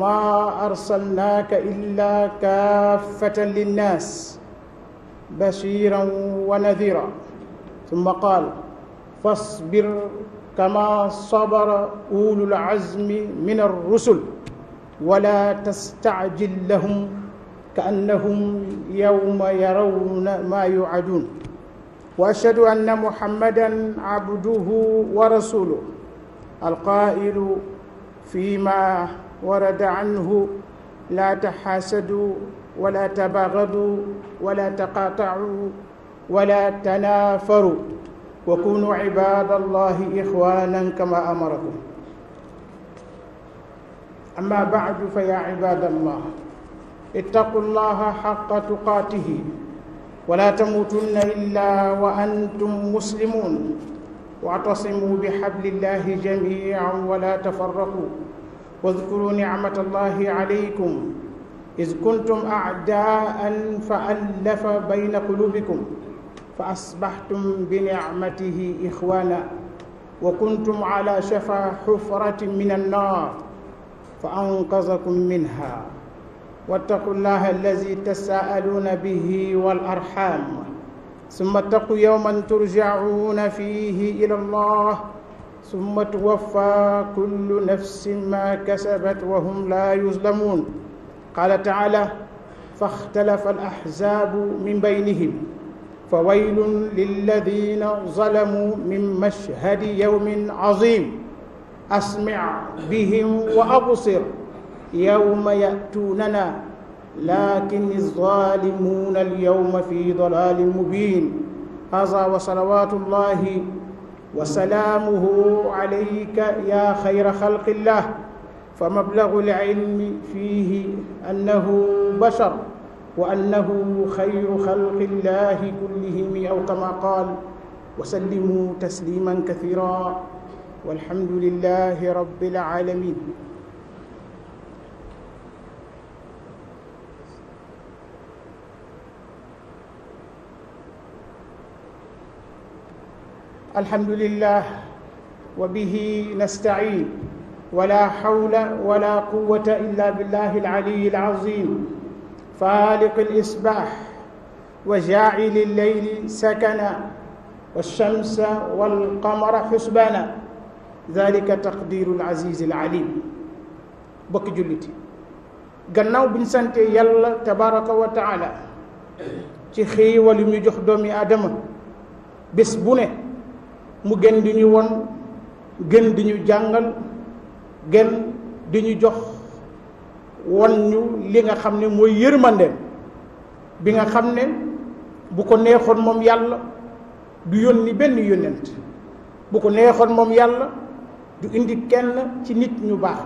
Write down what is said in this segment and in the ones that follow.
وما أرسلناك إلا كافة للناس بشيرا ونذيرا ثم قال فاصبر كما صبر أولو العزم من الرسل ولا تستعجل لهم كأنهم يوم يرون ما يوعدون وأشهد أن محمدا عبده ورسوله القائل فيما warada anhu laa taxaasaduu wala tabagaduu wala taqaatacuu wala tanaafaru wa kunu cibaada allahi ixwanan kama amarakum amma bacdu fa yaa cibaada allah ittaqu llaha xaqa tuqaatihi wala tamuutunna illa wa antum muslimun waatasimuu bixablillahi jamiican wala tafarraqu واذكروا نعمة الله عليكم إذ كنتم أعداء فألف بين قلوبكم فأصبحتم بنعمته إخوانا وكنتم على شفا حفرة من النار فأنقذكم منها واتقوا الله الذي تساءلون به والأرحام ثم اتقوا يوما ترجعون فيه إلى الله summa tuwaffaa kullu nafsin maa kasabat wa hum laa yuzlamuun qaala taala faxtalafa alaxzaabu min baynihim fa waylun lilladina zalamuu min mashhadi yawmin azim asmic bihim wa absir yawma yatuunana lakin alzalimuuna alyawma fi dalalin mubin haza wa salawatu allahi wa salaamuhu alayka ya xayra xalqillah fa mablagu lilmi fihi annahu bashar wa annahu xayru xalqillahi kullihim aw kama qaal wa sallimu tasliman kathira walhamdulillahi rabbil alamin الحمد لله وبه نستعين ولا حول ولا قوة إلا بالله العلي العظيم فالق الإصباح وجاعل الليل سكنا والشمس والقمر حسبانا ذلك تقدير العزيز العليم بك جلتي gannaaw bi ñu sante yàlla tabaraka wa taala ci xéewal yu ñu jox doomi aadama bés bu ne mu gën di ñuy won gën di ñu jàngal gën di ñu jox won ñu li nga xam ne mooy yërmandeem bi nga xam ne bu ko neexoon moom yàlla du yónni benn yónnent bu ko neexoon moom yàlla du indi kenn ci nit ñu baax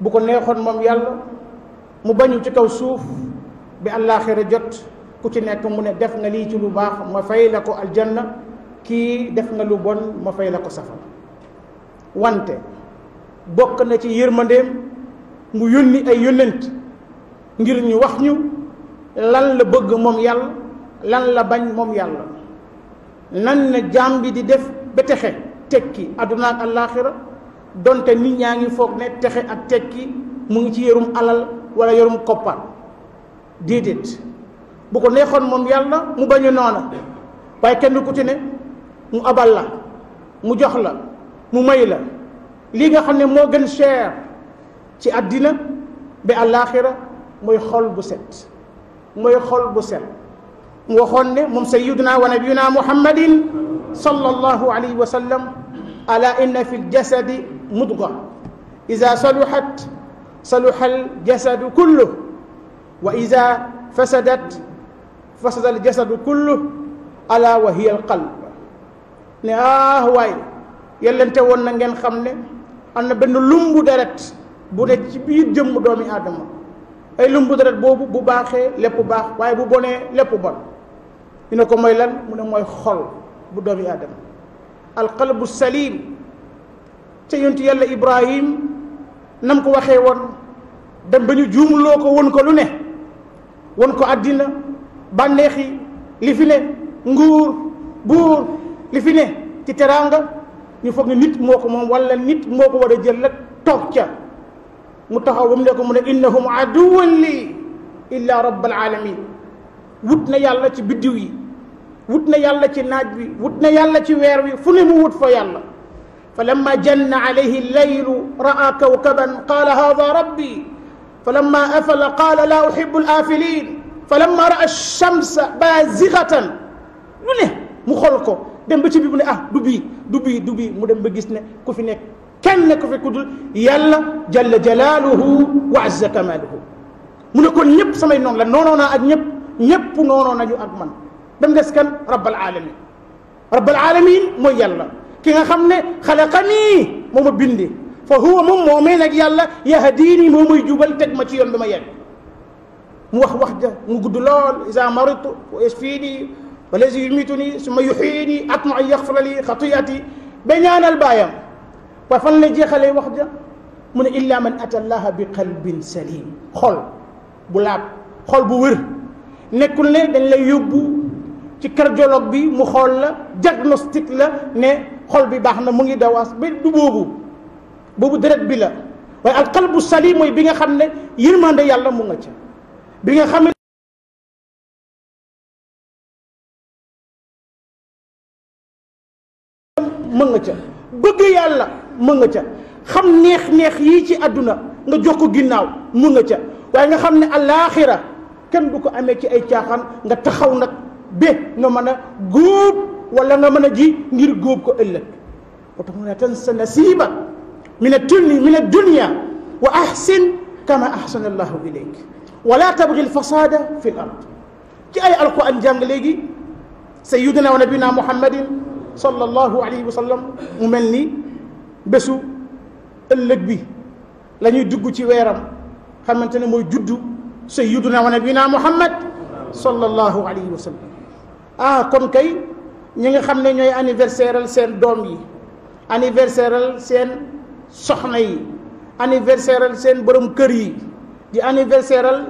bu ko neexoon moom yàlla mu bañul ci kaw suuf bi àllaaxira jot ku ci nekk mu ne def nga lii ci lu baax ma fay la ko aljanna kii def nga lu bon ma fay la ko safar wante bokk na ci yërmandeem mu yónni ay yónnent ngir ñu wax ñu lan la bëgg moom yàlla lan la bañ moom yàlla nan na jaam bi di def ba texe tekki àdduna ak àllaaxira donte nit ñaa ngi foog ne texe ak tekki mu ngi ci yorum alal wala yorum koppal déedéet bu ko neexoon moom yàlla mu bañu noona waaye kenn ku ne mu abal la mu jox la mu may la lii nga xam ne moo gën cher ci àddina ba àllaaxira mooy xol bu set mooy xol bu set mu waxoon ne moom sayyiduna wa nabiyuna muhammadin sallallahu alayhi wa sallam ala inna fi ljasadi mudga ida saluhat saluha aljasadu kulluh wa ida fasadat fasada aljasadu kulluh ala wa hiya alqalb ne ah waay yellente woon na ngeen xam ne am na benn lumbu deret bu ne ci biir jëmm doomi aadama ay lumbu deret boobu bu baaxee lépp baax waaye bu bonee lépp bon dina ko moy lan mu ne mooy xol bu doomi aadama alqalbu salim ca ci yàlla ibrahim nam ko waxee woon dem ba ñu juumloo ko won ko lu ne won ko àddina bànneexi li fi ne nguur buur li fi ne ci teraanga ñu foog ne nit moo ko moom wala nit moo ko war a jël rek toog ca mu mu ne ko mu ne innahum aduwan lii illa rabbal alamin wut na yàlla ci biddiw yi wut na yàlla ci naaj bi wut na yàlla ci weer wi fu ne mu wut fa yàlla fa lamma janna alayhi llaylu raa kawkaban qaala hada rabbi fa lamma afala qaala laa uhibu al afilin fa lamma raa alchamsa baazigatan lu ne mu xool dem ba ci bi mu ne ah du bii du mu dem ba gis ne ku fi ne kenn ku fi kudul yàlla jalla jalaaluhu wa azza kamaaluhu mu ne kon ñëpp samay noonu la noonoo naa ak ñëpp ñëpp noonoo nañu ak man ba mu des kan rabbal alamin rabbal alamin mooy yàlla ki nga xam ne xalaqanii moo ma bindi fa huwa moom moomee nag yàlla yahdiini moo may jubal teg ma ci yoon bi ma yegg mu wax wax ja mu gudd lool isa maritu wa walazi yumituni suma yuxiini atma an yaxfira li xatiyaati ba ñaanal baayam waaye fan la jeexalee wax ja mu ne illa man ata allaha bi qalbin salim xol bu laab xol bu wër nekkul ne dañ lay yóbbu ci cardiologue bi mu xool la diagnostic la ne xol bi baax na mu ngi dawaas ba du boobu boobu deret bi la waaye al qalbu salim mooy bi nga xam ne yërmande yàlla mu nga ca mën nga ca bëgg yàlla mën nga ca xam neex-neex yii ci àdduna nga jox ko ginnaaw mën nga ca waaye nga xam ne alaaxira kenn du ko amee ci ay caaxaan nga taxaw nag ba nga mën a góob wala nga mën a ji ngir góob ko ëllëg oo tax mu ne tan sa nasiba min ad-dunya min ad-dunya wa ahsin kama ahsana allahu ilayk wala tabgi al-fasada fi l ard ci ay alquran jàng léegi sayyidina wa nabina muhammadin sallallahu alayhi wa sallam mu mel ni bésu ëllëg bi lañuy ñuy dugg ci weeram xamante ne mooy juddu sayyiduna wa nabina muhammad sallallahu alayhi wa sallam ah kon kay ñi nga xam ne ñooy anniversaire al seen doom yi anniversaire al seen soxna yi anniversaire al seen borom kër yi di anniversaire al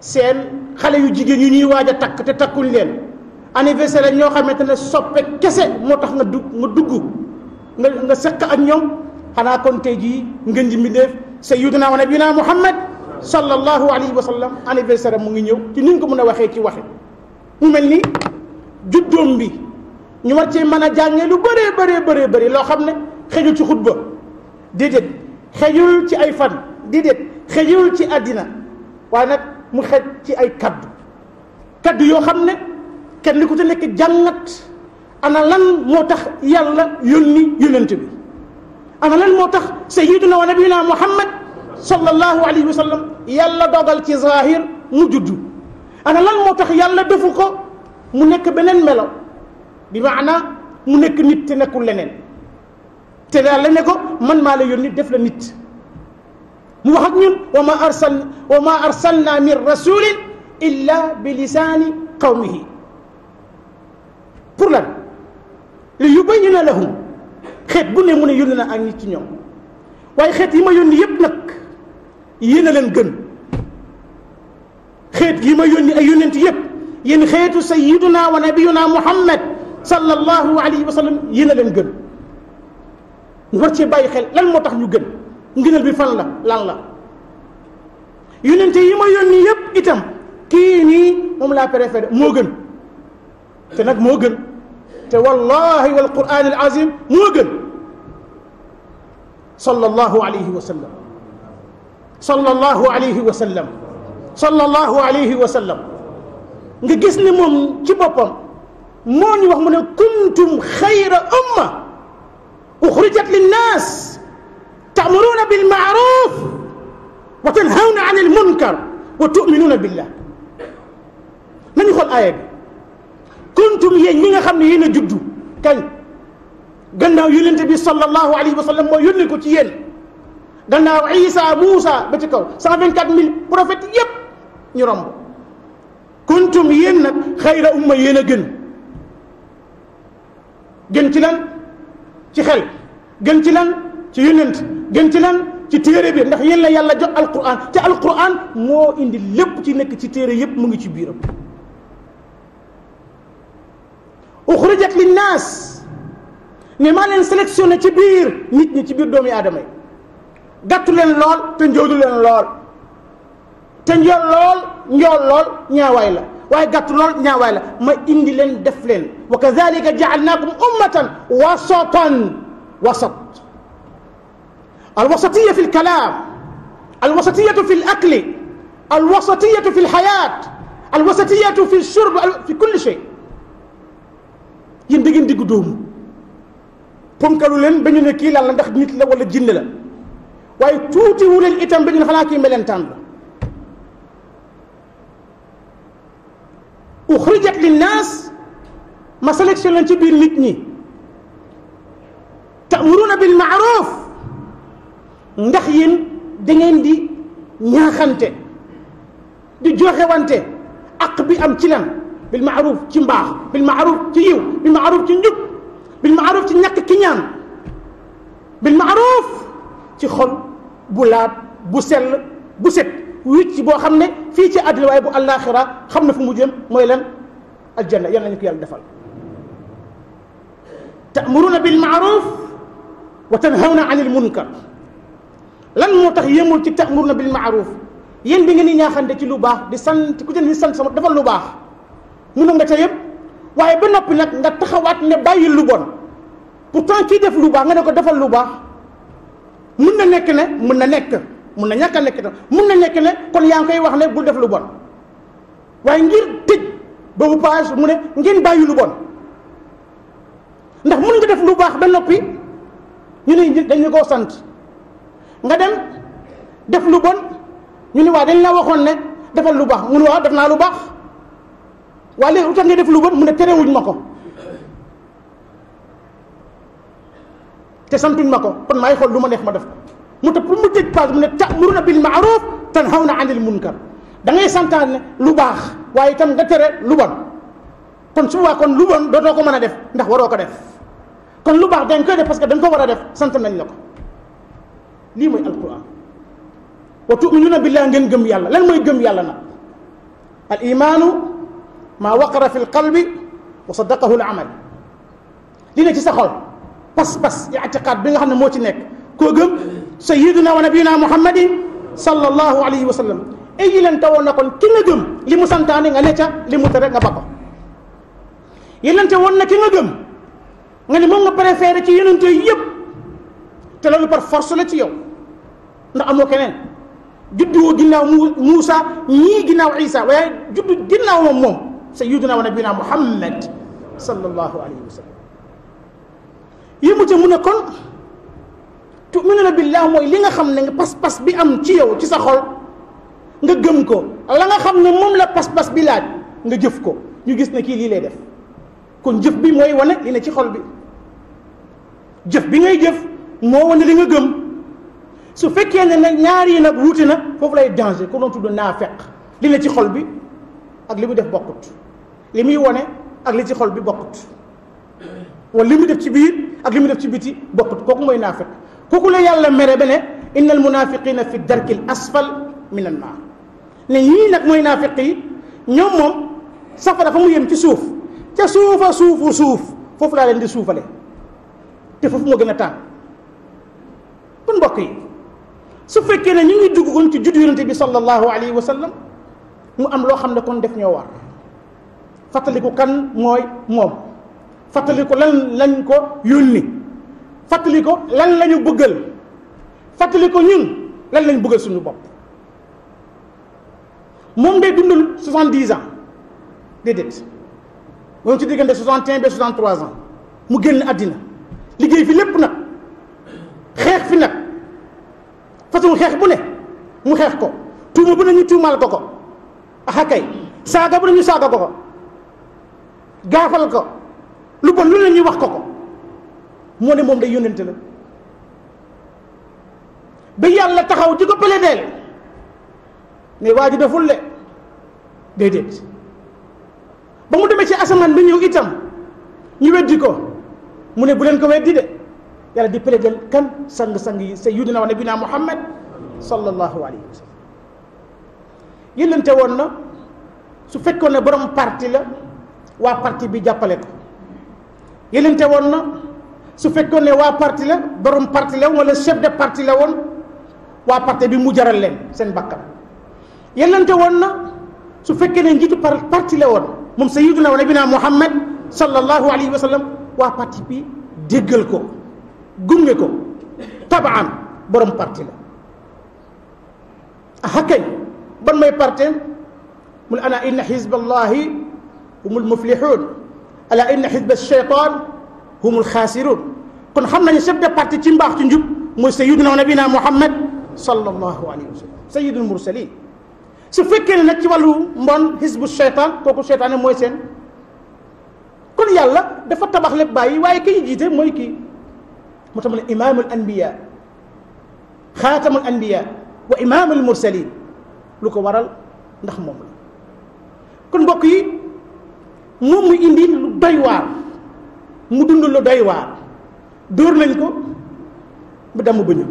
seen xale yu jigéen yu ñuy waaj a takk te takkuñ leen anniversaire ak ñoo xamante ne soppe kese moo tax nga dugg nga dugg nga nga seq ak ñoom xanaa kon tey jii ngeen ji mbindéef sayyiduna wa nabiyuna muhammad sallallahu alayhi wa sallam anniversaire mu ngi ñëw ci ni ñu ko mën a waxee ci waxe mu mel ni juddoom bi ñu war cee mën a jàngee lu bëree bëree bëree bëri loo xam ne xëjul ci xutba déedéet xëjul ci ay fan déedéet xëjul ci àddina waaye nag mu xej ci ay kaddu kaddu yoo xam ne. kenn ku ci nekk jàngat ana lan moo tax yàlla yónni yónent bi ana lan moo tax sayyiduna wa nabiyuna muhammad sallallahu alayhi wa sallam yàlla dogal ci zahir mu juddu ana lan moo tax yàlla defu ko mu nekk beneen melo bi maanaa mu nekk nit te nekkul leneen te daal la ne ko man maa la yónni def la nit mu wax ak ñun wa ma arsal wa ma arsalna min rasulin illa bi lisaani qawmihi pour lan li la lahum xeet bu ne mu ne yónni na ak nit ci ñoom waaye xeet yi ma yónni yépp nag yéen a leen gën xeet yi ma yónni ay yónent yépp yéen xeetu sayyiduna wa nabiyuna muhammad sallallahu alayhi wa sallam yéen a leen gën ñu war bàyyi xel lan moo tax ñu gën bi fan la lan la yónente yi ma yónni yépp itam kii nii moom laa préféré moo gën te nag moo gën te wallahi wal quran al azim moo gën sallallahu alayhi wa sallam sallallahu alayhi wa sallam sallallahu alayhi wa sallam nga gis ne moom ci boppam moo ñu wax mu ne kuntum xayra umma uxrijat linnaas taamuruuna bilmaaruf wa tanhawna an almunkar wa tuminuuna billah nañu xool aaya bi kuntum yéen ñi nga xam ne yéen a juddu kañ gannaaw yonente bi sallallahu alayhi wa moo yónni ko ci yéen gannaaw isa moussa ba ci kaw cent vingt quatre mille prophètes yépp ñu romb kuntum yéen nag xayra umma yéen a gën gën ci lan ci xel gën ci lan ci yonent gën ci lan ci téere bi ndax yéen la yàlla jox alquran te alquran moo indi lépp ci nekk ci téere yépp mu ngi ci biiram uxrijat linnaas ne maa leen sélectionné ci biir nit ñi ci biir doomu aadama yi gàttu leen lool te njóolu leen lool te njool lool njool lool ñaawaay la waaye gàttu lool ñaawaay la ma indi leen def leen wa kadalika jaalnaakum ummatan wasatan wasat alwasatiya fi lkalaam alwasatiyatu fi lakli alwasatiyatu fi lxayaat alwasatiyatu fi shurb fi kulli shay yéen da ngeen diggu dóomu ponkalu leen ba ñu kii lan la ndax nit la wala jinne la waaye tuuti itam ba ñu ne xanaa kii melentaan la uxrijat linnaas ma sélection ci biir nit ñi ta'muruna bil ma'ruf ndax yéen da di ñaaxante di joxewante ak bi am ci lan bil maaruf ci mbaax bil maaruf ci yiw bil maaruf ci njub bil maaruf ci ñàkk ki ñaan bil maaruf ci xol bu laab bu sell bu set wicc boo xam ne fii ci àddina waaye bu àllaaxira xam na fu mu jëm mooy lan aljanna yal nañu ko yàlla defal ta'muruna bil maaruf wa tanhawna anil munkar lan moo tax yemul ci ta'muruna bil maaruf yéen bi ngeen yi di ñaaxante ci lu baax di sant ku jël ni sant sama defal lu baax mun a nga ca yëpp waaye ba noppi nag nga taxawaat ne bàyyi lu bon pourtant kii def lu baax nga ne ko defal lu baax mun na nekk ne mun na nekk mun na ñàkk a nekk tam mun na nekk ne kon yaa ngi koy wax ne bul def lu bon waaye ngir tëj boobu page mu ne bàyyi lu bon ndax mun nga def lu baax ba noppi ñu dañ dañu koo sant nga dem def lu bon ñu ne waa dañ la waxoon ne defal lu baax mun waa def naa lu baax waa léegi lu tax nga def lu bon mu ne terewuñ ma ko te santuñ ma ko kon maay xol lu ma neex ma def ko mu te pour mu tëj page mu ne ta'muruna bil ma'ruf tanhawna 'anil munkar da ngay santaan ne lu baax waaye itam nga tere lu bon kon su waa kon lu bon dootoo ko mën a def ndax waroo ko def kon lu baax dañ koy def parce que dañ ko war a def sant nañ la ko lii mooy alquran wa tu'minuna billah ngeen gëm yàlla lan mooy gëm yàlla nag al imaanu maa waqara fi lqalbi wa saddaqahu l amal li ne ci sa xol pas-pas itiqaad bi nga xam ne moo ci nekk koo gëm sayiduna wa nabiyuna muhammadin sallallahu alayhi wa sallam eyi leen tawoon na kon ki nga gëm li mu santaane nga ne ca li mu tere nga ba ko yelante woon na ki nga gëm nga ne moom nga préféré ci yonente yëpp te loolu par force la ci yow ndax amoo keneen juddu woo ginnaaw Muusa ñii ginnaaw Isa waaye juddu ginnaaw moom moom sayyiduna wa nabiyuna muhammad sallallahu alayhi wa sallam yému ca mu ne na tuminuna billah mooy li nga xam ne pas-pas bi am ci yow ci sa xol nga gëm ko la nga xam ne moom la pas-pas bi laaj nga jëf ko ñu gis ne kii lii lay def kon jëf bi mooy wane li ci xol bi jëf bi ngay jëf moo li nga gëm su fekkee ne nag ñaar nag wuute na foofu lay danger ku doon tudd naafeq li ne ci xol bi ak li mu def bokkut li muy wone ak li ci xol bi bokkut wala li mu def ci biir ak li mu def ci biti bokkut kooku mooy naafiq kooku la yàlla mere ba ne inna al munafiqina fi darkil asfal min ne ñii nag mooy naafiq yi ñoom moom safara fa mu yem ci suuf ca suufa suufu suuf foofu laa leen di suufale te foofu moo gën a tàng kon mbokk yi su fekkee ne ñu ngi dugg kon ci juddu yonente bi sallallahu alayhi wa sallam mu am loo xam ne kon def ñoo war fàttaliku kan mooy moom fàttaliku lan lañ ko yónni fàttaliku lan lañu bëggal fàttaliku ñun lan lañ bëggal suñu bopp moom day dundul soixante dix ans déedéet moom ci diggante soixante un ba soixante trois ans mu génn àddina liggéey fi lépp nag xeex fi nag façon xeex bu ne mu xeex ko tuuma bu ne ñu tuumaal ko ko axa kay saaga bu ne ñu saaga ko ko gaafal ko lu bon lu ne ñuy wax ko ko moo ne moom day yónnente la ba yàlla taxaw di ko plaideel ne waa ji deful le déedéet ba mu demee ci asamaan bi ñëw itam ñu weddi ko mu ne bu leen ko weddi de yàlla di plaideel kan sang-sang yi sayyidina wa nabina muhammad sallallahu alayhi wa sallam yëllante woon na su fekkoon ne borom parti la waa parti bi jàppale ko yëlante woon na su fekkoon ne waa parti la borom parti la wala chef de parti la woon waa parti bi mu jaral leen seen bakkan yëlante woon na su fekkee ne njiitu par parti la woon moom sayyiduna wa nabina Muhammad sallallahu alayhi wa sallam waa parti bi déggal ko gunge ko tabaan borom parti la ah kay ban may parti mu ne ana inna humul muflihun ala inna xisba shaytan humul xaasirun kon xam nañu chef de parti ci mbaax ci njub mooy sayyiduna nabina muhammad sallallahu alayhi wa sallam sayyidul mursalin su fekkee ne nag ci wàllu mbon xisbu shaytan kooku shaytaane mooy seen kon yàlla dafa tabax lépp bàyyi waaye kii jiite mooy kii mu tax mu ne imaamul anbiya xaatamul anbiya wa imaamul mursalin lu ko waral ndax moom la kon mbokk yi. moom mu indi lu doy waar mu dund lu doy waar dóor nañ ko mu damm ba ñëw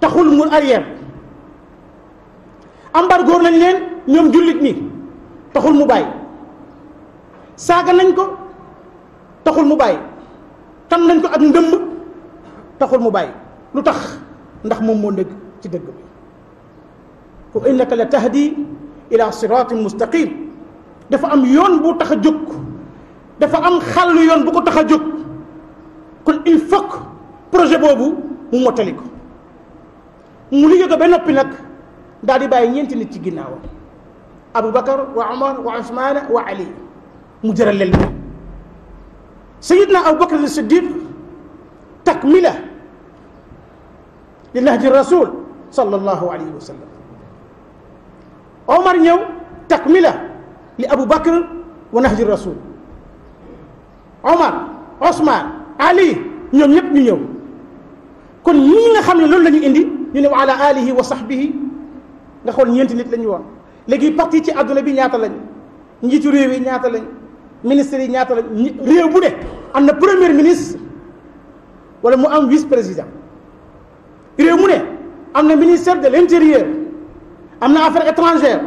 taxul mu arrière embargo nañ leen ñoom jullit ni taxul mu bàyyi saaga nañ ko taxul mu bàyyi tam nañ ko ak ndëmm taxul mu bàyyi lu tax ndax moom moo nekk ci dëgg bi wa innaka la tahdi ila siratin mustaqim dafa am yoon bu tax a jóg dafa am xàll yoon bu ko tax a jóg kon il projet boobu mu mottali mu liggéey ko ba noppi nag daal di bàyyi ñeenti nit ci ginnaawam Aboubacar wa Omar wa Ali mu jëral leen ne Seydina Aboubacar al Siddiq takmila li nahji rasul sallallahu alayhi wa sallam Omar ñëw takmila li Abu Bakr wa nahji rasul Omar Osman Ali ñoom ñëpp ñu ñëw kon ñii nga xam ne loolu la indi ñu ne wa ala alihi wa sahbihi nga xool ñeenti nit la ñu woon léegi parti ci àdduna bi ñaata lañ njiitu réew yi ñaata lañ ministres yi ñaata lañ réew bu ne am na premier ministre wala mu am vice président réew mu ne am na ministère de l' intérieur am na affaires étrangères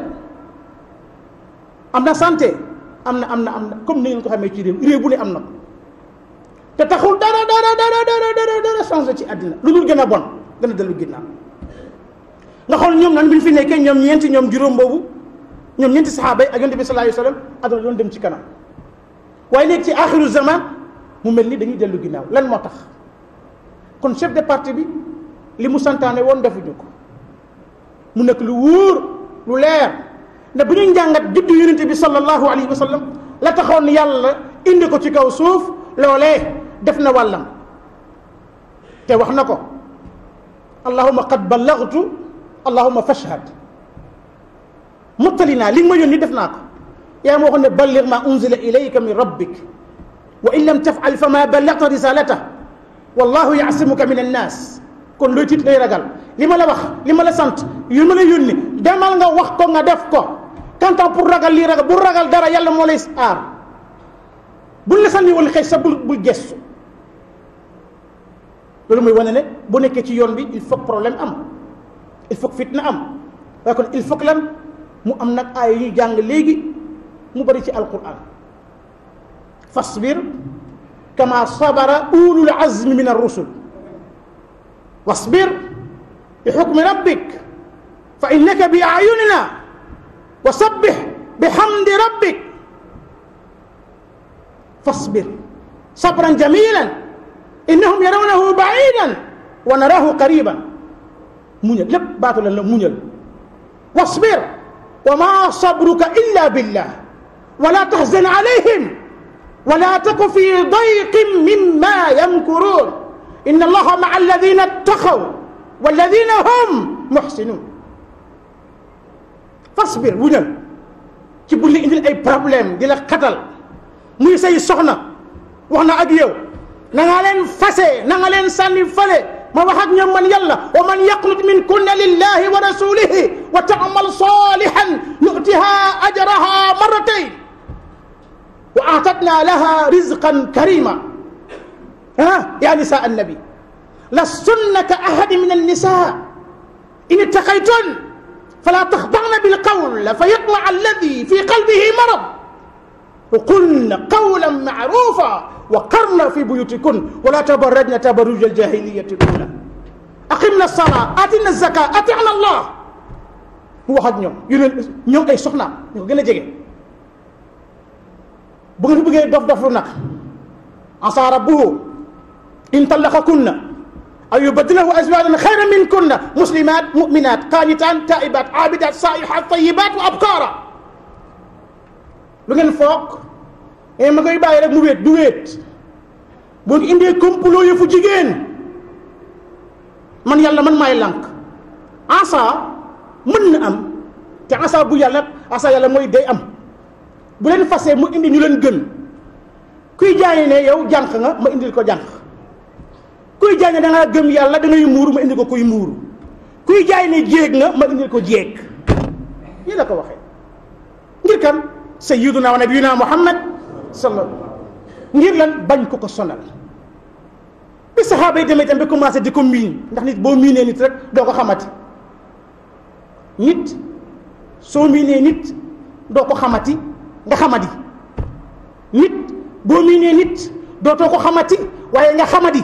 am na santé am na am na am na comme ni ngeen ko xamee ci réew réew bu ne am na ko te taxul dara dara dara dara dara dara changé ci àddina lu dul gën a bon gën a dellu ginnaaw nga xool ñoom nan bi ñu fi nekkee ñoom ñeenti ñoom juróom boobu ñoom ñeenti saxaaba yi ak yonent bi sallallahu alayhi wasallam aduna doon dem ci kanam waaye léegi ci axiru zaman mu mel ni dañuy dellu ginnaaw lan moo tax kon chef de parti bi li mu santaane woon defuñu ko mu nekk lu wóor lu leer ne bu ñuy njàngat juddu yonente bi sallallahu alayhi wa sallam la taxoon indi ko ci kaw suuf loolee def na wàllam te wax na ko allahuma qad ballagtu allahuma fashhad mottali naa li nga ma yónni def naa ko yaa ma waxoon ne balligh ma unzila ilayka min rabbik wa in lam tafal fa ma ballagta risalata wallahu yaasimuka min annas kon looy tiit ngay ragal li ma la wax li ma la sant yu ma la yónni demal nga wax ko nga def ko soixante ans pour ragal lii ragal bu ragal dara yàlla moo lay aar bul la sànniwul xëy sa bul bul gestu loolu muy wane ne bu nekkee ci yoon bi il faut problème am il faut fitna am waaye kon il faut lan mu am nag aaya yu jàng léegi mu bari ci alquran fasbir kama sabara ulul azmi min arrusul wasbir li xukmi rabbik fa innaka bi ayunina wa sabbih bi hamdi rabbik fasbir sabran jamilan innahum yarawnahu baidan wa naraahu qariban muñal lépp baatu lan la muñal wasbir wa ma sabruka illa billah wala tahzan alayhim wala taku fi dayqin mimma yamkurun inna allaha maa alladina ittaqaw walladina hum muxsinun fasbir muñal ci buñ la indil ay problème di la xatal muy say soxna wax na ak yow na nga leen fase na nga leen sànni fale ma wax ak ñoom man yàlla wa man yaqnut min kunna lillahi wa rasulihi wa taamal salihan nutiha ajraha marratayn wa atatna laha rizqan karima ah ya nisa annabi lastunna ka ahadi min annisa in ittaqaytun فلا تخضعن بالقول فيطمع الذي في قلبه مرض وقلن قولا معروفا وقرن في بيوتكن ولا تبرجن تبرج الجاهلية الأولى أقمنا الصلاة آتنا الزكاة أطعنا الله mu wax ak ñoom yu ne ñoom ay soxnaam ñu ko gën a jege bu nga fi bëggee dof dof lu nag asa rabbuhu in tallaqakunna a aw yubaddilahu azwaajan xayran minkunna muslimaat mu'minaat qaanitaat taa'ibaat aabidaat saa'ihaat tayyibaat wa abkaara lu ngeen foog ngeen ma koy bàyyi rek mu wéet du wéet bu ñu indee complot yëfu jigéen man yàlla man may lànk asa mën na am te asa bu yàlla asa yàlla mooy day am bu leen fasee mu indi ñu leen gën kuy jaay ne yow jànq nga ma indil ko jànq kuy jaay ne da gëm yàlla dangay ngay muuru ma indi ko koy muuru kuy jaay ne jéeg nga ma indi ko jéeg ñi la ko waxee ngir kan sayyiduna wa nabiyuna muhammad sallallahu ngir lan bañ ko ko sonal bi saxaaba yi demee tam ba commencé di ko miin ndax nit boo miinee nit rek doo ko xamati nit soo miinee nit doo ko xamati nga xamati nit boo miinee nit dootoo ko xamati waaye nga xamati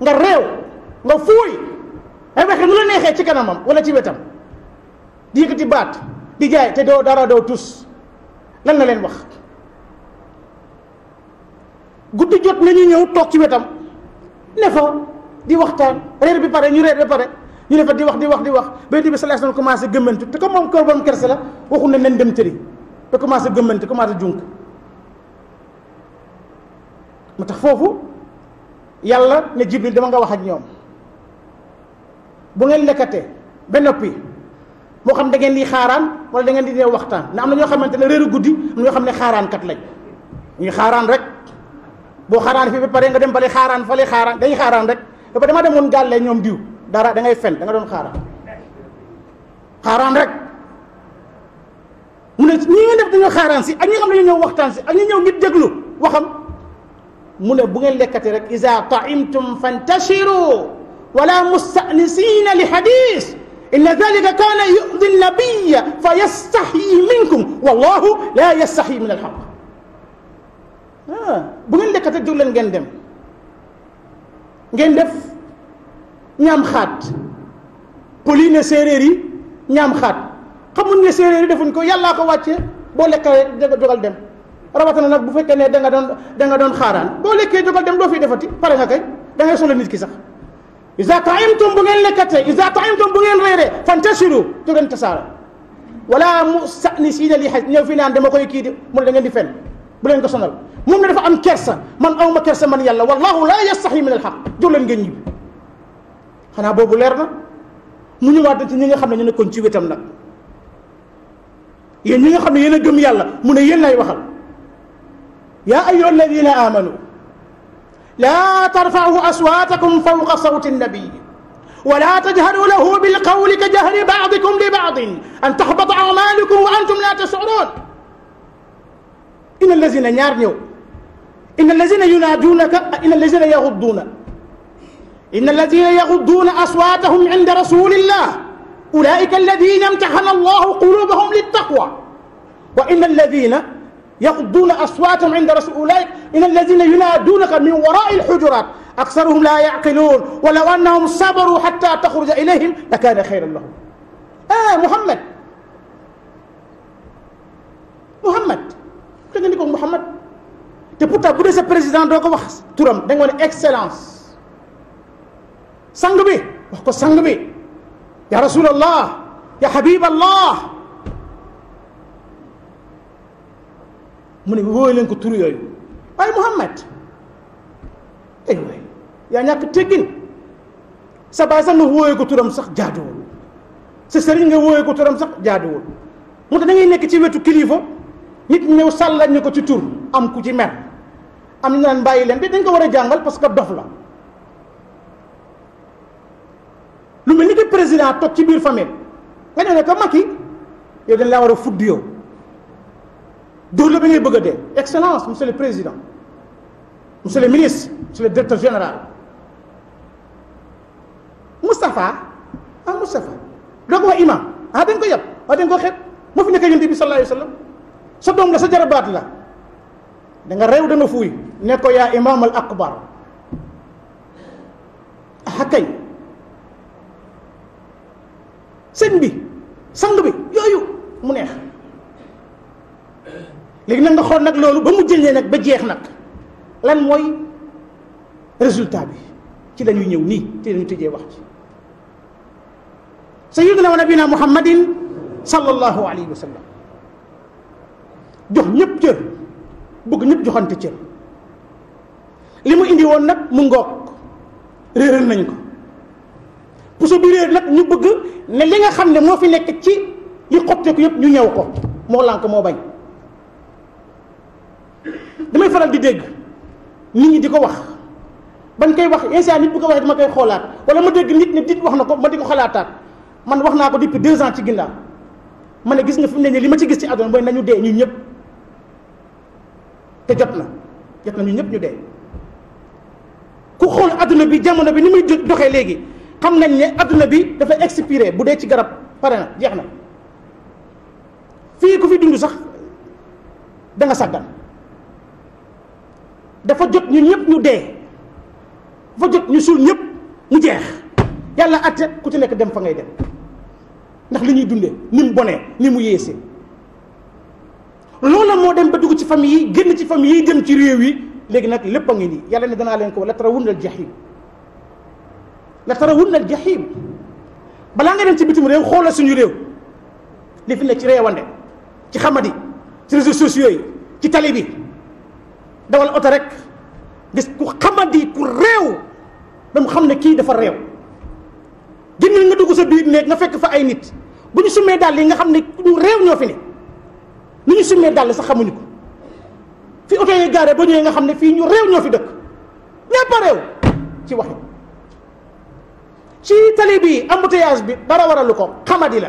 nga réew nga fuuy ay waxe nu la neexee ci kanamam wala ci wetam di yëkkati baat di jaay te doo dara doo tus lan la leen wax guddi jot nañu ñëw toog ci wetam ne fa di waxtaan reer bi pare ñu reer bi pare ñu ne fa di wax di wax di wax ba yonent bi sallallahu alayhi wasallam commencé gëmmantu te comme moom kër borom kerse la waxu ne nen dem tëri te commencé gëmmantu commencé junk mu tax foofu yàlla ne jibril dama nga wax ak ñoom bu ngeen lekkatee be noppi moo xam ne ngeen di xaaraan wala dangeen di dee waxtaan na am na ñoo xamante ne réeru guddi am na ñoo xam ne xaaraan kat lañ ñuy xaaraan rek boo xaaraan fii ba pare nga dem bale xaaraan fale xaaraan dañuy xaaraan rek dafa dama demoon gàllee ñoom diw dara da ngay fen danga doon xaaraan xaaraan rek mu ne ñi ngeen def dañoo xaaraan si ak ñi xam ne ñoo waxtaan si ak ñi ñëw nit déglu waxam mu ne bu ngeen lekkati rek iza taimtum fantashiru wala mustanisina li hadis inna dalika kaana yudi nabiya fa yastaxyi minkum wallahu la yastaxyi min alxaq ah, bu ngeen lekkati jóg leen ngeen dem ngeen def ñaam xaat pëli ne séeréer yi ñaam xaat xamuñ ne séeréer yi defuñ ko yàllaa ko wàcce boo lekkale dogal dem rawatina nag bu fekkee ne da nga doon da doon xaaraan boo lekkee jógal dem doo fiy defati pare nga kay da ngay solo nit ki sax isa taimtum bu ngeen lekkatee isa taimtum bu ngeen reeree fantasiru a tasaara wala mu sanisiina li xaj ñëw fi naan dama koy kii di mu ne da ngeen di fen bu leen ko sonal moom ne dafa am kersa man awma kersa man yàlla wallahu la yastaxi min alxaq jóg leen ngeen ñibbi xanaa boobu leer na mu ñu ñëwaat ci ñi nga xam ne ñu nekkoon ci wetam nag yéen ñi nga xam ne yéen a gëm yàlla mu ne yéen lay waxal يا أيها الذين آمنوا لا ترفعوا أصواتكم فوق صوت النبي ولا تجهروا له بالقول كجهر بعضكم لبعض أن تحبط أعمالكم وأنتم لا تشعرون إن الذين ñaar ñëw إن الذين ينادونك إن الذين يغضون إن الذين يغضون أصواتهم عند رسول الله أولئك الذين امتحن الله قلوبهم للتقوى وإن الذين yaxudduuna aswaatahum inda rasul ulaika ila alladina yunaaduunaka min waraai alxujurat aksaruhum laa yaqiluun walaw annahum sabaru xata taxruja ilayhim la kaana xayran lahum ah Muhammad Muhammad da nga ni ko Muhammad te pourtant bu dee sa président doo ko wax turam da nga ne excellence sang bi wax ko sang bi ya rasulallah ya habiballah mu ne wooy leen ko tur yooyu waaye Muhammad ay waay yaa ñàkk teggin sa baay sax nga wooyee ko turam sax jaaduwul sa sëriñ nga wooyee ko turam sax jaaduwul mu tax da ngay nekk ci wetu kilifa nit ñëw sàllañ ñu ko ci tur am ku ci mer am na naan bàyyi leen bi dañ ko war a jàngal parce que dof la lu mel ni ki président toog ci biir famille nga ñëw ne ko Macky yow dañ laa war a fudd yow dóor la ba ngay bëgg a dee excellence monsieur le président monsieur le ministre monsieur le directeur général Moustapha ah Moustapha doo imam ah dañ ko yab ah dañ ko xeeb moo fi nekk sa doom la sa jarabaat la da nga yaa imam akbar ah kay sëñ bi sang bi yooyu mu neex léegi nag nga xool nag loolu ba mu jëlee nag ba jeex nag lan mooy résultat bi ci lañuy ñëw nii te lañu tëjee wax ci sayyidina wa nabina muhammadin sallallahu alayhi wa sallam jox ñëpp cër bëgg ñëpp joxante cër li mu indi woon nag mu ngoog réeral nañ ko puso bi réer nag ñu bëgg ne li nga xam ne moo fi nekk ci yi xotteeku yëpp ñu ñëw ko moo lànk moo bañ damay faral di dégg nit ñi di ko wax bañ koy wax instant nit bu ko waxee dama koy xoolaat wala ma dégg nit ne dit wax na ko ma di ko xalaataat man wax naa ko depuis deux ans ci ginnaaw ma ne gis nga fi mu ne nii li ma ci gis ci àdduna mooy nañu dee ñun ñëpp te jot na jot na ñun ñëpp ñu dee ku xool àdduna bi jamono bi ni muy doxee léegi xam nañ ne àdduna bi dafa expiré bu dee ci garab pare na jeex na fii ku fi dund sax danga nga sàggan dafa jot ñu ñëpp ñu dee dafa jot ñu suul ñëpp mu jeex yàlla atte ku ci nekk dem fa ngay dem ndax li ñuy dundee ni mu bonee ni mu yéesee loola moo dem ba dugg ci famille yi génn ci famille yi dem ci réew yi léegi nag lépp a ngi nii yàlla ne danaa leen ko la tarawun al jahim la tarawun al jahim balaa nga dem si bitim réew xoolal suñu réew li fi nekk ci réewande ci xamadi ci réseaux sociaux yi ci tali bi dawal oto rek gis ku xamadi ku réew dam xam ne kii dafa réew génneel nga dugg sa biir néeg nga fekk fa ay nit bu ñu summee dàll yi nga xam ne ñu réew ñoo fi ne ni ñu summee dàll sa xamuñu ko fi oto yi gaaree ba ñëwee nga xam ne fii ñu réew ñoo fi dëkk ñépp a ci waxi ci tali bi embouteillage bi dara waralu ko xamadi la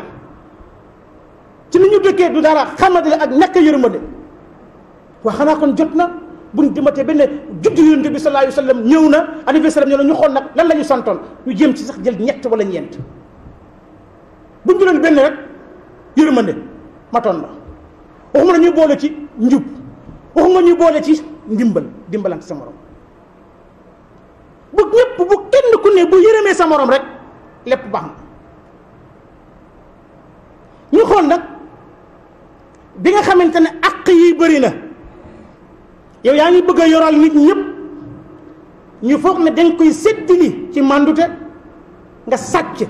ci ni ñu dëkkee du dara xamadi la ak ñàkk yërmande waa xanaa kon jot na buñ dimatee benn juddu yonent bi sallallahu alayhi wa sallam ñëw na anniversaire ñëw na ñu xool nag lan la ñu santoon ñu jëm ci sax jël ñett wala ñeent buñ jëloon benn rek yërmande matoon na waxuma na ñuy boole ci njub waxuma ñuy boole ci ndimbal ndimbalante sa morom bu ñëpp bu kenn ku ne bu yërëmee sa morom rek lépp baax na ñu xool nag bi nga xamante ne àq yi bëri na yow yaa ngi bëgg a yoral nit ñëpp ñu foog ne dañ koy séddili ci màndute nga sàcc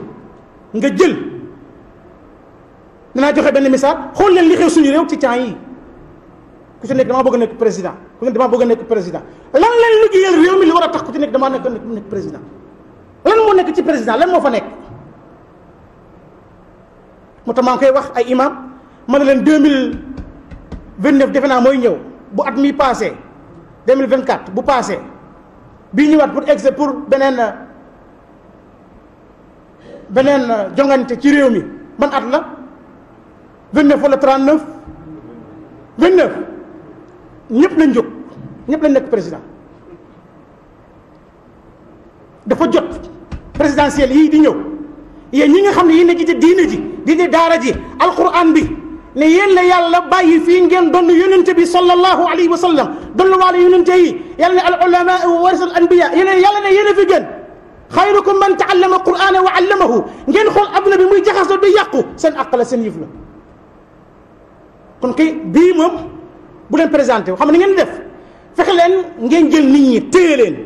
nga jël danaa joxe benn misaal xool leen li xew suñu réew ci temps yi ku ci nekk damaa bëgg nekk président ku ci nekk damaa bëgg nekk président lan leen liggéeyal réew mi li war a tax ku ci nekk damaa nekk nekk président lan moo nekk ci président lan moo fa nekk moo tax maa ngi koy wax ay imam ma ne leen deux mille vingt neuf defe naa mooy ñëw bu at mi passé 2024 bu passé bii ñëwaat pour exe pour beneen beneen jongante ci réew mi man at la 29 wala 39 29 ñëpp lañ jóg ñëpp lañ nekk président dafa jot présidentielle yii di ñëw yéen ñi nga xam ne yi nekk ci diine ji di daara ji alquran bi ne yéen la yàlla bàyyi fii ngeen doon yonente bi sallallahu alayhi wa sallam doon lu waale yonente yi yàlla ne al ulama warisatul anbiya yéen yàlla ne yéen a fi gën xayrukum man taallama qur'ana wa allamahu ngeen xool adduna bi muy jaxasoo di yàqu seen àq la seen yëf la kon kay bii moom bu leen présenté wu xam ne ngeen def fexe leen ngeen jël nit ñi téye leen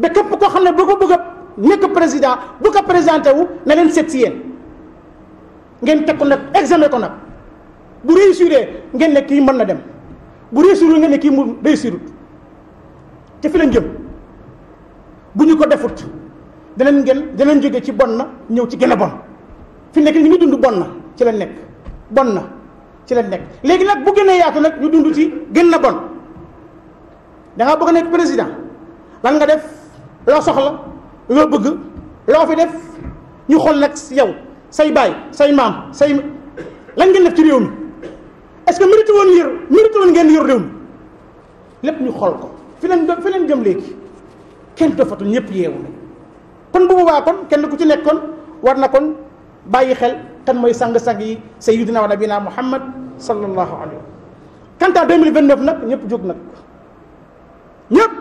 ba képp koo xam ne boo ko bëgg a nekk président bu ko présenté wu na leen seet ngeen te ko nag ko nag bu réussir ngeen ne kii mën na dem bu réussirul ngeen ne kii mu réussirul te fi lañ jëm bu ñu ko defut deneen ngeen danañ jóge ci bon na ñëw ci gën a bon fi nekk ñu ngi dund bon na ci lañ nekk bon na ci la nekk léegi nag bu gën a yaatu nag ñu dund ci gën na bon da ngaa bëgg a nekk président lan nga def loo soxla loo bëgg loo fi def ñu xool nag yow say baay say maam say lan ngeen def ci réew mi est-ce que mérite woon yor mérite woon ngeen yor réew mi lépp ñu xool ko fi leen fi jëm léegi kenn dofatul ñëpp yeewu na kon bu boobaa kon kenn ku ci nekk kon war na kon bàyyi xel kan mooy sang-sang yi sayyidina wa nabina muhammad sallallahu alayhi wa quant à 2029 nag ñëpp jóg nag ñëpp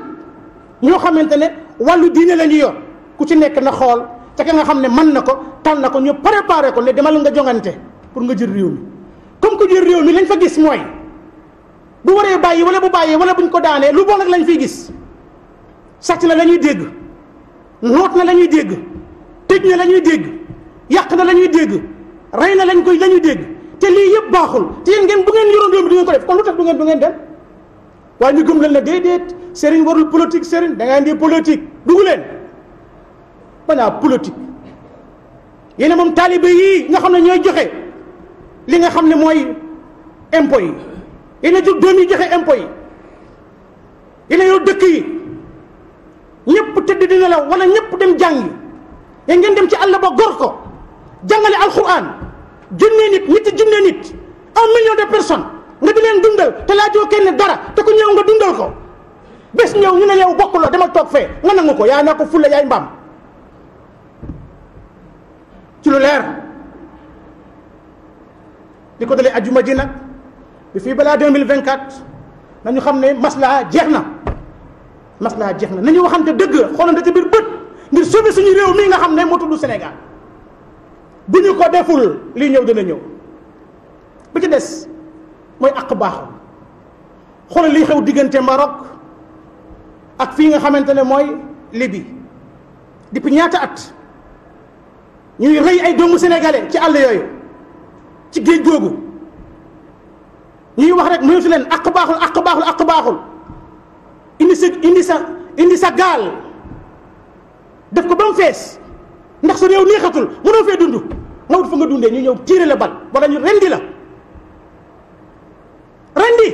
ñoo xamante ne wàllu diine la ñu yor ku ci nekk na xool ca ka nga xam ne mën na ko tal na ko ñu préparé ko ne demal nga jongante pour nga jël réew mi comme que jël réew mi lañ fa gis mooy bu waree bàyyi wala bu bàyyee wala buñ ko daanee lu bon rek lañ fiy gis sàcc na la ñuy dégg noot na la ñuy dégg tëj na la ñuy dégg yàq na la ñuy dégg rey na lañ koy la ñuy dégg te lii yëpp baaxul te yéen ngeen bu ngeen yoroon réew mi du ngeen ko def kon lu tax du ngeen du ngeen dem waaye ñu gëm leen ne déedéet sëriñ warul politique sëriñ da ngaa indi politique dugg leen banaa politique yéen moom taalibe yii nga xam ne ñooy joxe. li nga xam ne mooy impôts yi yéen a jóg yi joxe impôts yi yéen a dëkk yi ñëpp tëdd di nelaw wala ñëpp dem jàngi yéen ngeen dem ci àll ba gor ko jàngale alxuraan junne nit ñetti junne nit un million de personnes nga di leen dundal te laajoo kenn dara te ko ñëw nga dundal ko bés ñëw ñu ne yow la dama toog fee nga nangu ko yaa naa ko fulla yaay mbaam ci lu leer. di ko dalee ajjuma ji nag bi fii balaa 2024 nañu xam ne maslaa jeex na maslaa jeex na nañu waxante dëgg xoolante ci biir bët ngir sauver suñu réew mii nga xam ne moo tudd Sénégal ñu ko deful ñëw dina ñëw bi ci des mooy àq baaxul xoolal liy diggante Maroc ak fii nga xamante ne mooy Libye depuis ñaata at ñuy rey ay doomu sénégalais ci àll yooyu ci géej googu ñuy wax rek mënatu leen àq baaxul àq baaxul àq baaxul indi sa indi sa indi sa gaal def ko ba mu fees ndax sa réew neexatul mënoo fee dund ma wut fa nga dundee ñu ñëw tiire la bal wala ñu rendi la rendi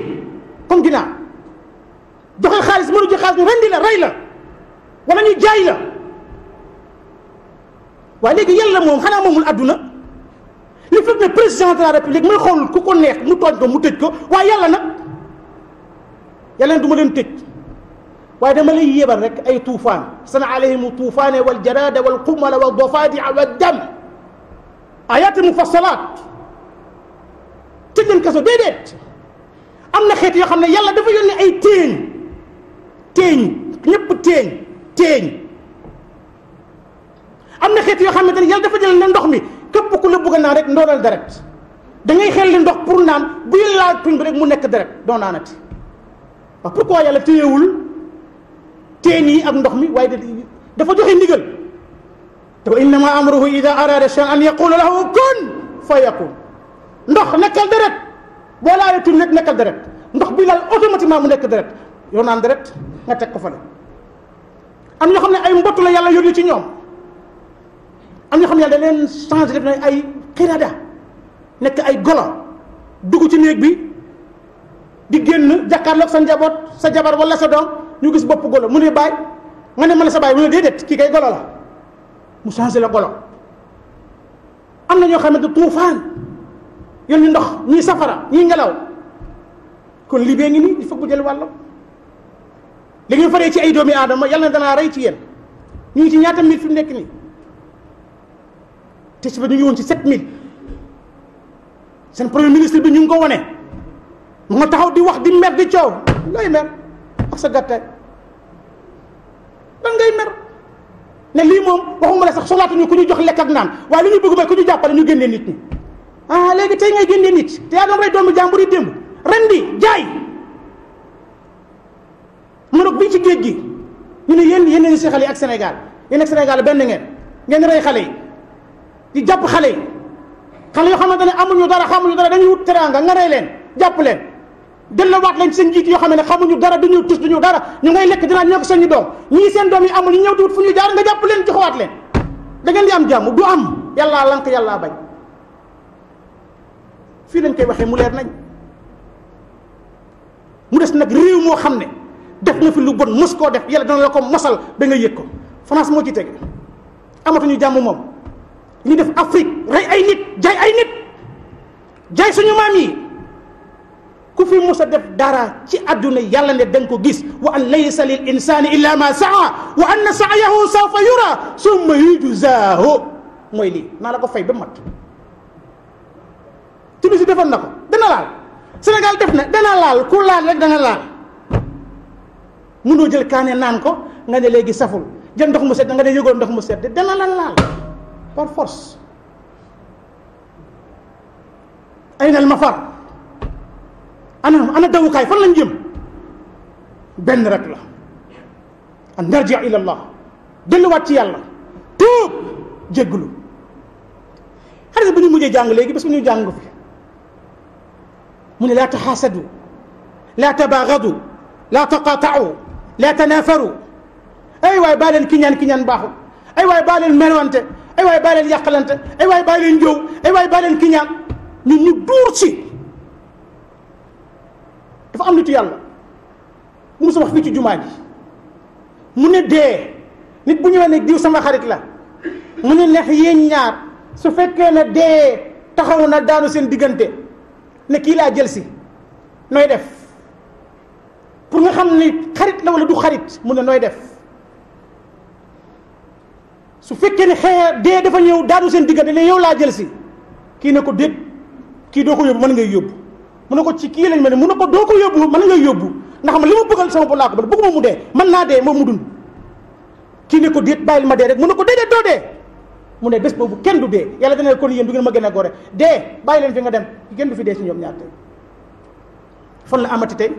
comme ginnaaw joxe xaalis mënu joxe xaalis ñu rendi la rey la wala ñu jaay la waaye léegi yàlla moom xanaa moomul àdduna li fekk ne président de la république may xool ku ko neex mu tooñ ko mu tëj ko waaye yàlla nag yàlla du ma leen tëj waaye dama lay yébal rek ay tuufaan sana alayhimu tuufaane wal jarada wal qumala wal dafaadia wa dam ayaati mufassalaat tëj leen déedéet am na xeet yoo xam ne yàlla dafa yónni ay téeñ téeñ ñëpp téeñ téeñ am na xeet yoo xam ne yàlla dafa jël ne ndox mi képp ku la bëgg a naan rek ndoolal deret da ngay xel li ndox pour naan buy laal tuñ bi rek mu nekk deret doo naanati waaw pourquoi yàlla téyewul teen yi ak ndox mi waaye dafa joxe ndigal te wa innama amruhu ida arada shay'an an yaqula lahu kun fa yakun ndox nekkal deret boo laalee tuñ rek nekkal deret ndox bi laal automatiquement mu nekk deret yow naan deret nga teg ko fa le am ñoo xam ne ay mbottu la yàlla yónni ci ñoom am ñoo xam ne yàlla da leen changé def nañ ay xirada nekk ay golo dugg ci néeg bi di génn jàkkaarloog sa njaboot sa jabar wala sa doom ñu gis bopp golo mu ne baay nga ne ma ne sa baay mu ne déedéet kii kay golo la mu changé la golo am na ñoo xamante tuufaan yoon ndox ñii safara ñii ngelaw kon lii bee ngi nii il faut bu jël wàllam li ngeen faree ci ay doomi aadama yàlla na danaa rey ci yéen ñu ngi ci ñaata mbir fi mu nekk nii te si ba ñu ngi woon ci 7000 seen premier ministre bi ñu ngi ko wane moo taxaw di wax di mer di coow looy mer ak sa gàttaay dan ngay mer ne lii moom waxuma la sax soxlaatuñu ku ñu jox lekk ak naan waaye li ñu bëgg mooy ku ñu jàppale ñu génnee nit ñi ah léegi tey ngay génnee nit te yaa doon rey doomu jàmbur yi démb rendi jaay Maroc bi ci géej gi ñu ne yéen yéen a ngi yi ak Sénégal yéen ak Sénégal benn ngeen ngeen rey xale yi di jàpp xale yi xale yoo xamante ne ñu dara xamuñu dara dañuy wut teraanga nga rey leen jàpp leen delloowaat leen seen njiit yoo xam ne xamuñu dara duñu tus duñu dara ñu ngay lekk dinaa ñoo ko seen ñu doom ñii seen doom yi amul ñu ñëw di wut fu ñuy jaar nga jàpp leen joxawaat leen da ngeen di am jàmm du am yàllaa lank yàllaa bañ fii lañ koy waxee mu leer nañ mu des nag réew moo xam ne def nga fi lu bon mos koo def yàlla dana la ko mosal ba nga yëg ko France moo ci teg amatuñu jàmm moom ñu def Afrique rey ay nit jaay ay nit jaay suñu maam yi ku fi mus a def dara ci àdduna yàlla ne danga ko gis wa an laysa lil insani illa ma saa wa anna saayahu sawfa yura summa yujzaahu mooy lii naa la ko fay ba mat Tunisie defoon na ko dana laal Sénégal def na dana laal ku laal rek dana laal mënoo jël kaane naan ko nga ne léegi saful jël ndox mu sedd nga ne yëgoon ndox mu sedd dana la laal par force ay nal mafar ana ana dawukaay fan lañ jëm benn rek la an narjia ila allah delluwaat ci yàlla tuub jégglu xarit bu ñu mujjee jàng léegi bés bu ñu jàng fi mu ne laa taxaasadu laa tabaagadu laa taqaatau laa tanaafaru ay waay baa leen kiñaan kiñaan baaxul ay waay baa leen merwante ay waay bàyyi leen yàqalante ay waay bàyyi leen njóow ay waay bàyyi leen kiñaan ñu duur si dafa am nitu yàlla mu musa wax ci jumaa mu ne dee nit bu ñëwee ne diw sama xarit la mu ne neex yéen ñaar su fekkee ne dee taxaw na daanu seen diggante ne kii laa jël si nooy def pour nga xam ne xarit la wala du xarit mu ne nooy def su fekkee ne xëy dee dafa ñëw daanu seen diggante ne yow laa jël si kii ne ko déet kii doo ko yóbbu mën ngay yóbbu mu ne ko ci kii lañ ma ne mu ne ko doo ko yóbbu mën ngay yóbbu ndax li ma bëggal sama bopp laa ko bëgg bëgguma mu dee mën naa dee moom mu dund kii ne ko déet bàyyil ma dee rek mu ne ko déedéet doo dee mu ne bés boobu kenn du dee yàlla dana kon yéen du ngeen ma gën a gore dee bàyyi leen fi nga dem kenn du fi dee si ñoom ñaar tey fan la amati tey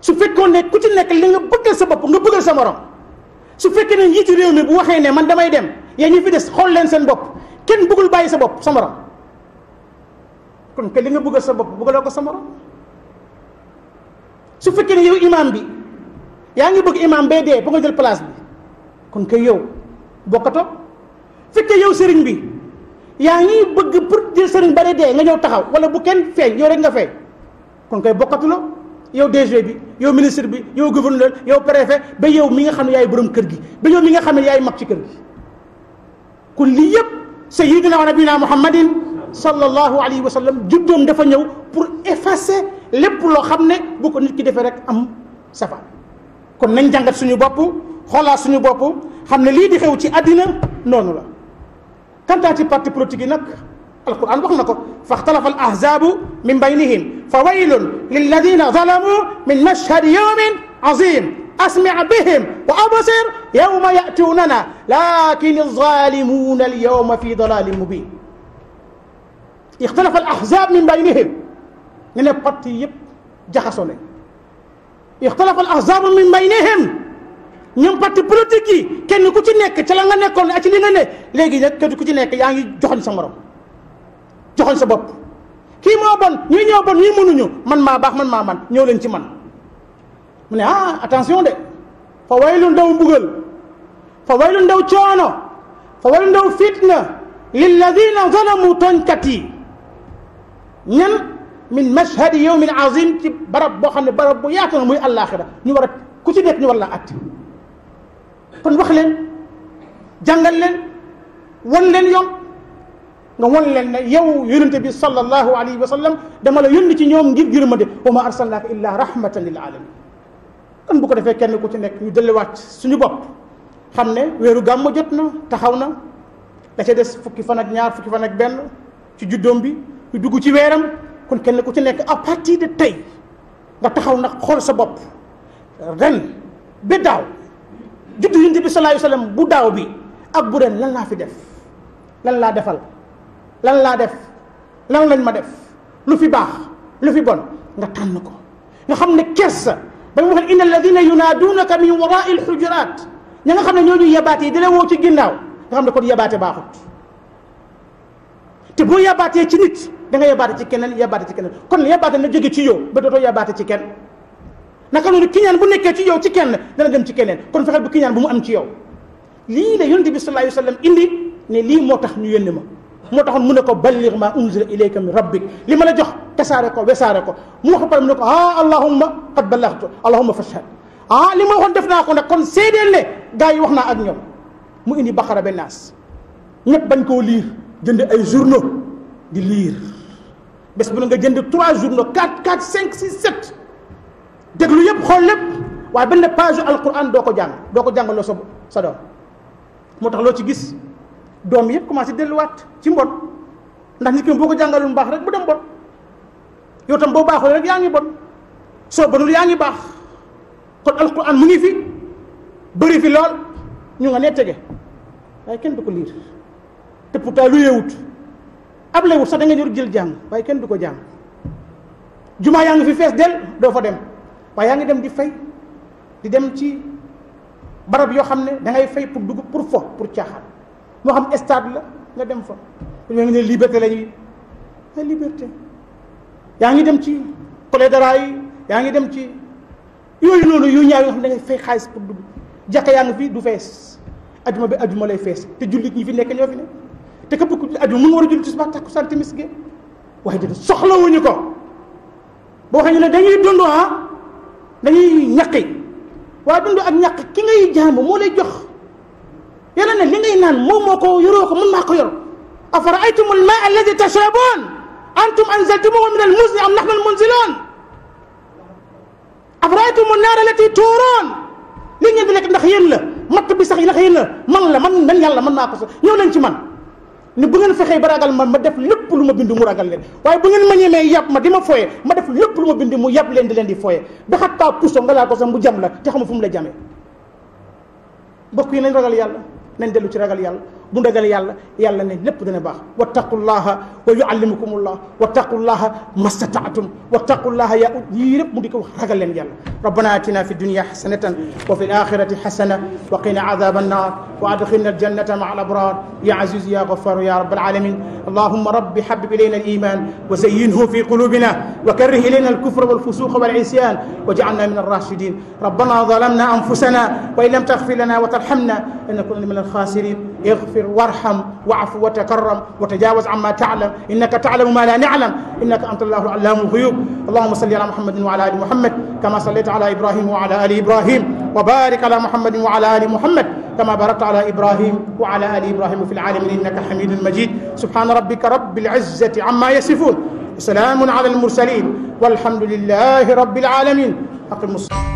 su fekkoon ne ku ci nekk li nga bëggal sa bopp nga bëggal sa morom su fekkee ne njiitu réew mi bu waxee ne man damay dem yaa ñi fi des xool leen seen bopp kenn bëggul bàyyi sa bopp sa kon que li nga bëggal sa bopp bëggaloo ko sa su fekkee ne yow imaam bi yaa ngi bëgg imaam bee dee ba nga jël place bi kon que yow bokkatoo fekkee yow sëriñ bi yaa ngi bëgg pour jël sëriñ ba dee nga ñëw taxaw wala bu kenn feeñ yow rek nga feeñ kon koy bokkatuloo yow DG bi yow ministre bi yow gouverneur yow préfet ba yow mi nga xam ne yaay boroom kër gi ba yow mi nga xam ne yaay mag ci kër gi kon lii yëpp sayyidina wa nabina muhammadin sallallahu alayhi wa sallam juddoom dafa ñëw pour effacer lépp loo xam ne bu ko nit ki defee rek am safa kon nañ jàngat suñu bopp xoolaat suñu bopp xam ne lii di xew ci àddina noonu la kantaa ci parti politique yi nag alquran wax na ko faxtalafa alahzabu min baynihim fa waylun lilladina zalamu min mashhadi yawmin azim asmi' bihim wa absir yawma ya'tunana lakin az-zalimuna al-yawma fi dalalin mubin ixtalafa al-ahzab min baynihim ñu ne parti yëpp jaxasoo nañ ixtalafa al-ahzab min baynihim ñoom parti politique yi kenn ku ci nekk ca la nga nekkoon ak ci li nga ne léegi nag kenn ku ci nekk yaa ngi joxoñ sa morom joxoñ sa bopp kii moo bon ñii ñoo bon ñii mënuñu man maa baax man maa man ñëw ci man mu ne ah attention de fa waylu ndaw mbugal fa waylu ndaw coono fa waylu ndaw fitna lilladina zalamu tooñkat yi ñan min mashhadi yawmin azim ci barab boo xam ne barab bu yaatu na muy àllaaxira ñu war ku ci nekk ñu war laa atte kon wax leen jàngal leen won leen yoon nga won leen ne yow yonente bi sallallahu alayhi wa sallam dama la yónni ci ñoom ngir yërmande wa ma arsalnaaka illa rahmatan lil alamin kon bu ko defee kenn ku ci nekk ñu delluwaat suñu bopp xam ne weeru gàmmu jot na taxaw na da ca des fukki fan ak ñaar fukki fan ak benn ci juddoom bi ñu dugg ci weeram kon kenn ku ci nekk à partir de tey nga taxaw nag xool sa bopp ren ba daaw juddu yonente bi sallallahu alayhi bu daaw bi ak bu ren lan laa fi def lan laa defal lan laa def lan lañ ma def lu fi baax lu fi bon nga tànn ko nga xam ne kersa ba mu waxee inna alladina yunaaduunaka min warai alxujuraat ña nga xam ne ñooñu yabaate yi di la ci ginnaaw nga xam ne kon yabaate baaxut te boo yabaatee ci nit da nga yabaate ci keneen yabaate ci keneen kon yabaate na jóge ci yow ba dootoo yabaate ci kenn naka noonu kiñaan bu nekkee ci yow ci kenn dana dem ci keneen kon fexeel bu kiñaan bu mu am ci yow lii la yonent bi sallallahu alayhi indi ne lii moo tax ñu yónni ma moo taxoon mu ne ko balligh ma unzila ilayka min rabbik li ma la jox tasaare ko wesaare ko mu wax pare mu ne ko ah allahumma qad ballaghtu allahumma fashhad ah li ma waxoon def naa ko nag kon seedeel ne gars yi wax naa ak ñoom mu indi baqara be naas ñëpp bañ koo liir jënd ay journaux di liir bés bu ne nga jënd trois journaux quatre quatre cinq six sept déglu yëpp xool lépp waaye benn page alquran doo ko jàng doo ko jàngaloo sa sa doom moo tax loo ci gis doom yëpp commencé delluwaat ci mbon ndax nit ki boo ko jàngalul mbaax rek bu dem bon yow tam boo baaxul rek yaa ngi bon soo bonul yaa ngi baax kon alquran mu ngi fi bëri fi lool ñu nga nee tege waaye kenn du ko liir te pourtant lu yeewut ab lewut sax da nga ñor jël jàng waaye kenn du ko jàng jumaa yaa ngi fi fees del doo fa dem waaye yaa ngi dem di fay di dem ci barab yoo xam ne da ngay fay pour dugg pour fo pour caaxaan moo xam stade la nga dem fa ñoo ngi ne liberté la ñuy liberté yaa ngi dem ci collé dara yi yaa ngi dem ci yooyu noonu yu ñaaw yoo xam ne da ngay xaalis pour dugg jàkka yaa ngi fi du fees ajuma bi ajuma lay fees te jullit ñi fi nekk ñoo fi nekk te képp ku ajuma mun nga war a jullit tisbaar takkusaan timis ge waaye dëgg soxlawuñu ko boo xam ne dañuy dund ah dañuy ñaqi waaye dund ak ñaq ki ngay jaamu moo lay jox yàlla ne li ngay naan moom moo ko yoroo ko mën maa ko yor afara aytum al maa alladi tashraboon antum anzaltumuhu min al muzni am nahnu al munziloon afara aytum an naar allati tuuroon li ngeen di lekk ndax yéen la matt bi sax ndax yéen la man la man man yàlla man maa ko sax ñëw leen ci man ne bu ngeen fexee ba ragal ma ma def lépp lu ma bind mu ragal leen waaye bu ngeen ma ñemee yàpp ma di ma fooye ma def lépp lu ma bind mu yàpp leen di leen di fooye daxat kaa puso nga laa ko sax mu jam la te xam fu mu la jamee mbokk yi nañ ragal yàlla nañ dellu ci ragal yàlla bu ndagal yàlla yàlla ne lépp dana baax wattaqullaha wa yuallimukumullah wattaqullaha mastataatum wattaqullaha yaa yii yëpp mu di ko wax ragal leen yàlla rabbana atina fi dunia xasanatan wa fi l axirati xasana wa qina adaba annar wa adxilna aljannata maa al abrar ya aziz ya gafaru ya rabbal alamin allahuma rabbi habib ilayna al iman wa zayyinhu fi qulubina wa karrih ilayna al kufra wal fusuqa wal isyan واجعلنا من الراشدين ربنا ظلمنا انفسنا وان لم تغفر لنا وترحمنا لنكن من الخاسرين اغفر وارحم واعف وتكرم وتجاوز عما تعلم انك تعلم ما لا نعلم انك انت الله علام الغيوب اللهم صل على محمد وعلى ال محمد كما صليت على ابراهيم وعلى ال ابراهيم وبارك على محمد وعلى ال محمد كما باركت على ابراهيم وعلى ال ابراهيم في العالمين انك حميد مجيد سبحان ربك رب العزه عما يصفون سلام على المرسلين والحمد لله رب العالمين اقم الصلاه